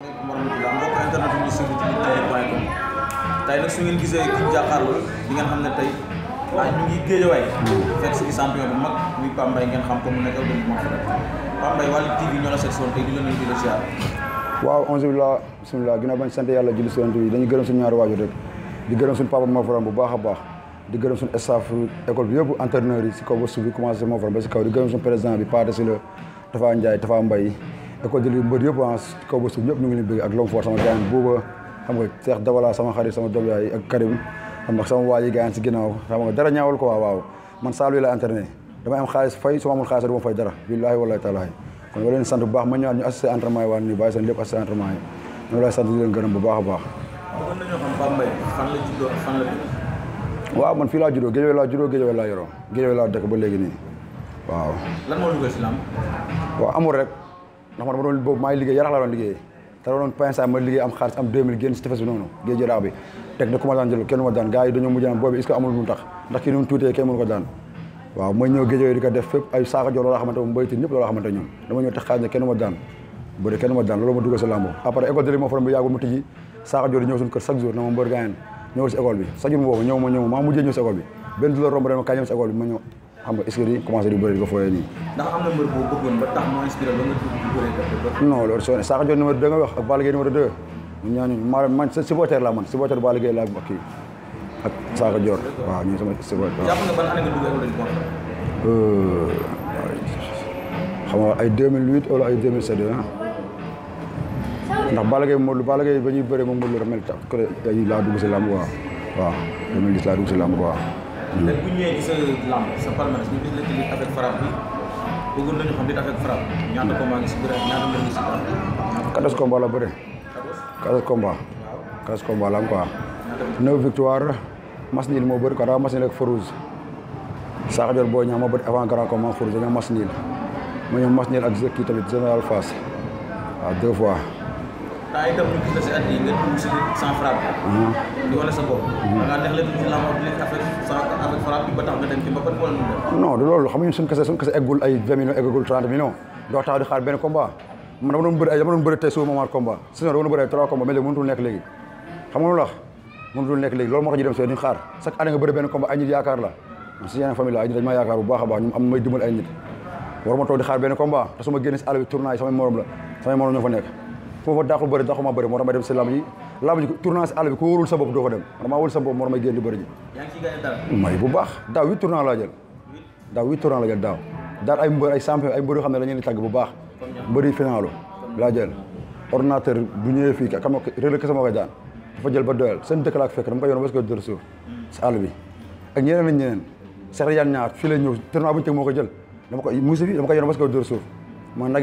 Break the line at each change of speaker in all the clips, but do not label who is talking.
asalaamaaleykum warahmatullah mbokk internet yi ñu suivre ci luttetv.com tey nag su ngeen gisee ki jàkkaarloo di ngeen ah, si champion bu di la nuyu di bañ sant yàlla julli sant dañuy gërëm suñu ñaari waajur rek di gërëm suñu papa moo bu baax baax di gërëm suñu staff école bi yi si kaw ba suuf moo faram ba si kaw di gërëm suñu président bi Pate si la Tafa Ndiaye Tafa Mbaye école de lutte mbër ñëpp ah, ñu ngi leen bëgg ak l'homme fort sama gaañ buuba sama xarit sama doom xam nga sama waa yi si ginnaaw xam nga dara ko waaw waaw man la entraîné damay am xaalis fay su ma amul xaalis du ma fay dara billaahi wallaahi taalaahi kon ma leen sant bu baax ma ñëwaat ñu assisté entraînement yi waa ñu bàyyi seen lépp assisté entraînement yi ñu lay sant di bu baax a baax waaw man fii laa juddoo Guédiawaye laa juddoo Guédiawaye laa yoroo Guédiawaye laa dëkk ba léegi nii waaw lan waaw amul rek ndax man boobu boobu maa liggéey yarax laa doon liggéey te doon pinsa ma liggéey am xaalis am 2000 génn si tefes bi noonu géej jëraaw bi teg kenn ma ma daan bëri kenn ma école de li ma forom bi yàggul mujjee ñëw si école bi benn du la romb ma kaay ñëw si école bi ma ñëw xam nga est-ce que bëri di fooyee nii non loolu soo ne Sakho Dior numéro 2 nga wax ak Balla Gaye numéro 2 ñun ñaañu ma man sa supporter la man supporter Balla Gaye laa bokk ak Sakho Dior waaw ñu sama supporter jàpp nga ban de sport euh, xam ay 2008 wala ay 2007 ndax Balla Gaye ba ñuy bëree moom Modou Lô mel tax ay laa dugg si làmb waaw waaw 2010 laa dugg si làmb waaw la ci bëggoon nañu xam nit avec frappe ñaata combat ngi si bëre la bëre. quatorze combat. quatorze la am quoi. neuf victoire mas niil moo bëri quoi daa mas Farouz. Sakho Dior boo ñaax ma bëri avant grand combat Farouz dañoo mas niil ma ñëw mas niil ak kii tamit général Fass deux fois. temps itam ñu gis la da ngaa mm-hmm. mm-hmm. neex leen ci làmb di affaire mu non loolu xam nga ñun kese suñu kese eggul ay 20 millions eggul 30 millions doo taxaw di xaar benn combat man dama ma maar combat sinon léegi mënutul nekk léegi xam nga lu wax mënutul nekk léegi loolu moo tax ñu dem so di xaar chaque année nga benn combat ay nit yaakaar la si yeneen famille ay nit a baax ñu am ay nit war ma toog di xaar benn combat te su ma génn si samay morom la samay morom ñoo fa nekk moo ma dàqul bëri dàquma bëri moo tax ma dem si lamb ji lamb ji si àll bi ku wóorul sa bopp doo fa dem man maa wóorul sa bopp moo ji may bu baax daaw huit tournant laa jël daaw huit tournant laa jël daal ay mbër ay champion ay mbër xam ne dañu leen di bu baax mbëri finalu laa jël ordinateur bu ñëwee fii kam réer kese moo koy daan dafa jël ba doyal seen dëkk laa fekk dama koy yoon parce que dër suuf si àll bi ak ñeneen ak ñeneen Cheikh Yane ñaar fii la ñëw tournant bu ñu teg moo ko jël dama ko musi bi dama koy yoon parce que dër suuf man nag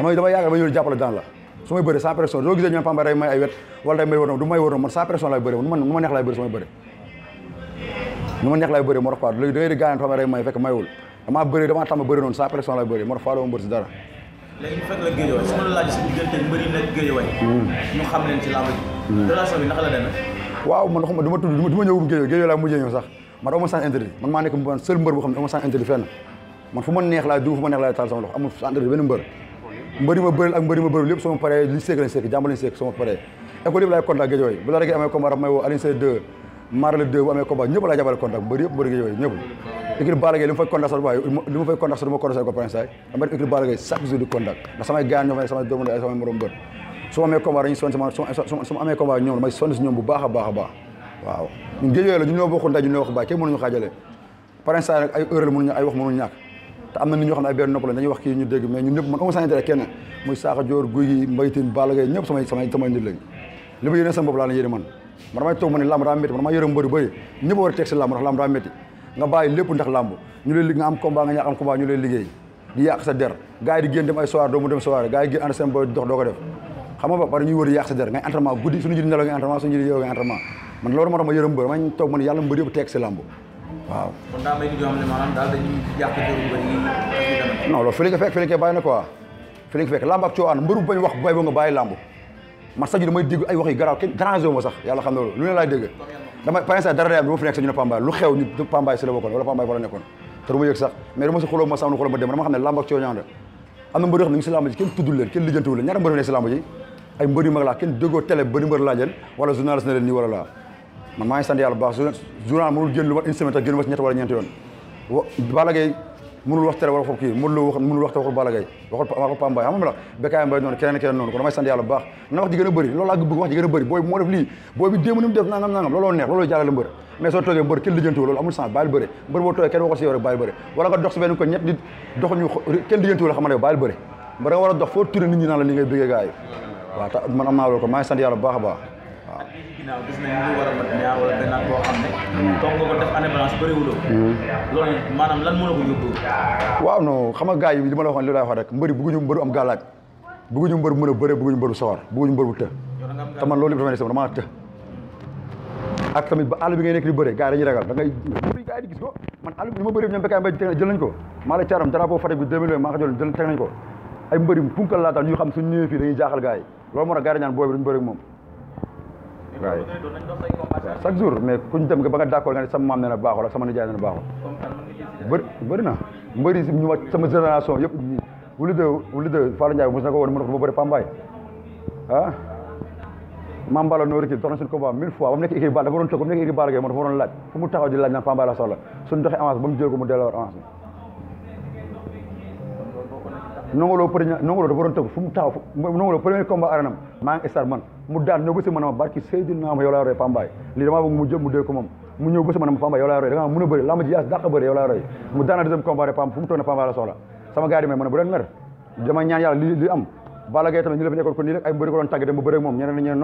damay damay yaakaar ba ñëw jàppale daan la su may bëri cent personnes soo gisee ñu Pamba day may ay wet wala day may wër du may wër man cent personnes laay bëri man nu ma neex laay bëri su may bëri nu ma neex laay bëri moo tax quoi léegi da ngay di gaañ Pamba day may fekk maywul damaa bëri damaa tàmm bëri noonu cent personnes laay bëri moo tax faaloo ma bëri si dara léegi fekk la géejawaay su ma la laaj si diggante mbëri nekk géejawaay hmm. ñu xam leen ci làmb ji hmm. relation bi naka la demee waaw man xam du ma tudd du ma ñëwum géejawaay géejawaay laa mujjee ñëw sax man aw ma sans intérêt man maa nekk man seul mbër boo xam ne aw ma sans intérêt fenn man fu ma neex laa dugg fu ma neex laa taal sama loxo amul sans intérêt benn mbër mbëri ma bëril ak mbëri ma bëril lépp sama pare li seek lañ seek jàmm lañ seek sama pare école yëpp laay contact géej bu la rek amee combat may woo samay doomu ndey samay morom mbër su ma amee combat dañuy sonn amee combat ñoom damay sonn si ñoom bu baax a baax a baax waaw ñun géej la ñun ñoo bokk ndey ñun ñoo wax baay kenn mënuñu xaajale prince nag ay heure la mënuñu ay te am na nit ñoo xam ne ay benn nopp la dañuy wax kii ñu dégg mais ñun ñëpp man amu sa intérêt kenn muy Sakho Dior Gouye Gui Mbaye Tine ñëpp samay samay nit lañ li ma yéene sama bopp laa la yéene man man ma ne am combat nga ñàkk am combat ñu ma yërëm mbër ma toog ma ne yàlla mbër yëpp teg lamb waaw kon daa may nit yoo loolu fële fekk fële bàyyi na quoi fële nga fekk lamb ak coowaan mbëru bañ wax bay ba nga bàyyi lamb man sax damay dégg ay wax yu kenn dérangé wu xam ne lu la bokkoon wala Pambaay fa la nekkoon ma yëg sax mais dama si xuloo ma sàmm xuloo ma dem dama xam ne lamb ak coow ñaan am na mbër yoo xam ne ñu ngi si lamb ji kenn tuddul leen kenn lijjantiwul leen ñaata mbër nekk si lamb ji ay mbër mag laa kenn déggoo télé bëri mbër laa leen wala journaliste na leen laa man maa ngi sant yàlla baax journal mënul génn lu mat une semaine génn ma si ñett wala ñeenti yoon wa Balla Gaye mënul wax tere wala kii mënul wax mënul wax te Pambaay xam nga la Bekaay Mbaye noonu keneen keneen noonu kon damay sant yàlla na wax a bëri loolu laa bëgg wax ji a bëri booy moo def lii booy ko ñett nit dox kenn lijjantiwul xam nga yow bàyyil bëri mbër nga war a dox foo turé nit ñi la li ngay bëggee gars yi man am loolu ko maa ngi sant baax a waaw ginnaaw gis nañ lu war a hmm. hmm. yi li ma la waxoon li laay wax rek mbëri bëgguñu mbëru am gàllaaj bëgguñu mbër mën a bëre bëgguñu mbëru sawar bëgguñu bu të te man loolu dafa ne sama a të ak tamit ba àll bi ngay nekk di bëre gars yi dañuy ragal ko man àll bi li ma bëri ñoom bekkaay mbay jël nañ ko maa la caaram drapeau ñu jaaxal gars yi loolu moo tax gars yi ñaan booy bi duñu moom waaye chaque jour mais kuñ dem ga ba nga d'accord nga sama maam nee na baaxul ak sama nijaay nee na baaxul bëri bëri na mbëri ñu ma sama génération yëpp wuli de wuli de Fallou Ndiaye mos na ko woon mën ko ba bëri Pambaay ah maam Balla Noori kii dox na suñu combat mille fois ba mu nekk équipe ba dafa doon toog ba mu laaj fu mu taxaw di laaj naan Pambaay la soxla suñu doxee avance ba mu jël ko mu delloo avance bi nongoloo premier nongoloo dafa doon tëgg fu mu taxaw nongoloo premier combat aranam maa mu daan ñëw ba si manama barki Seydina ma yow laa Pambaay lii damaa bëgg mu dee ko moom mu ñëw ba si manama Pambaay yow laa roy da a bëri laa ji yaas dàq bëri yow laa mu daana deuxième combat de mu toog ne Pambaay la soxla a bu leen mer dama ñaan yàlla li li am Balla Gaye tamit ñu la fi nekkoon ko nii rek ay mbëri ko doon moom ñeneen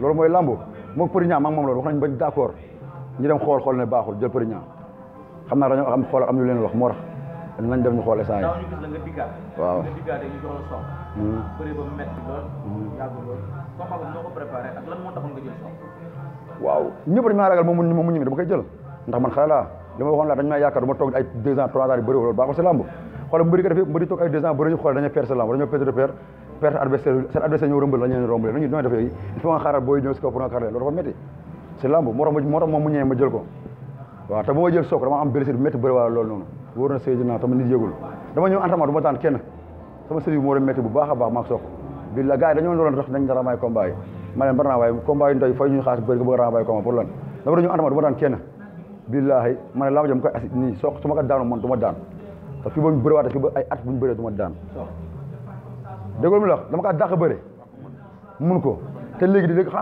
loolu mooy lamb moo përi ñaa maagi moom loolu wax nañ bañ am xool am leen wax moo nañ dem ñu xool saa yi. daaw ñu gis la nga diggaat. waaw nga diggaatee hmm. ñu hmm. jël ragal moom mu mu dama koy jël ndax man xale laa li ma waxoon laa dañ maa yaakaar du ma toog ay deux ans trois ans yu bëri loolu baaxul si làmb xoolal mbëri ko def mbëri toog ay deux ans bëri ñu xool dañuy perte sa làmb dañoo perte de perte perte adversaire seen ñoo rëmbal la ñeen nañu dañoo def yooyu nga xaaral booy ñëw si kaw pour nga xaar loolu dafa métti si làmb moo tax moo tax moom mu ñëwee ma jël ko waaw te bu jël soog dama am blessure waa loolu noonu wóor na Seydina tamit nit yëgul dama ñëw entraînement du ma daan kenn sama sëriñ moo doon métti bu baax a baax maag sox bi la gars yi dañoo doon tax nañ dara daan kenn billaahi ma ne laa koy asi nii sox ko daanu man daan te fii ba ñu bëriwaate fii ba ay at bu ñu bëree ma daan déggoo mi la dama kaa dàq bëri mun ko te léegi di léegi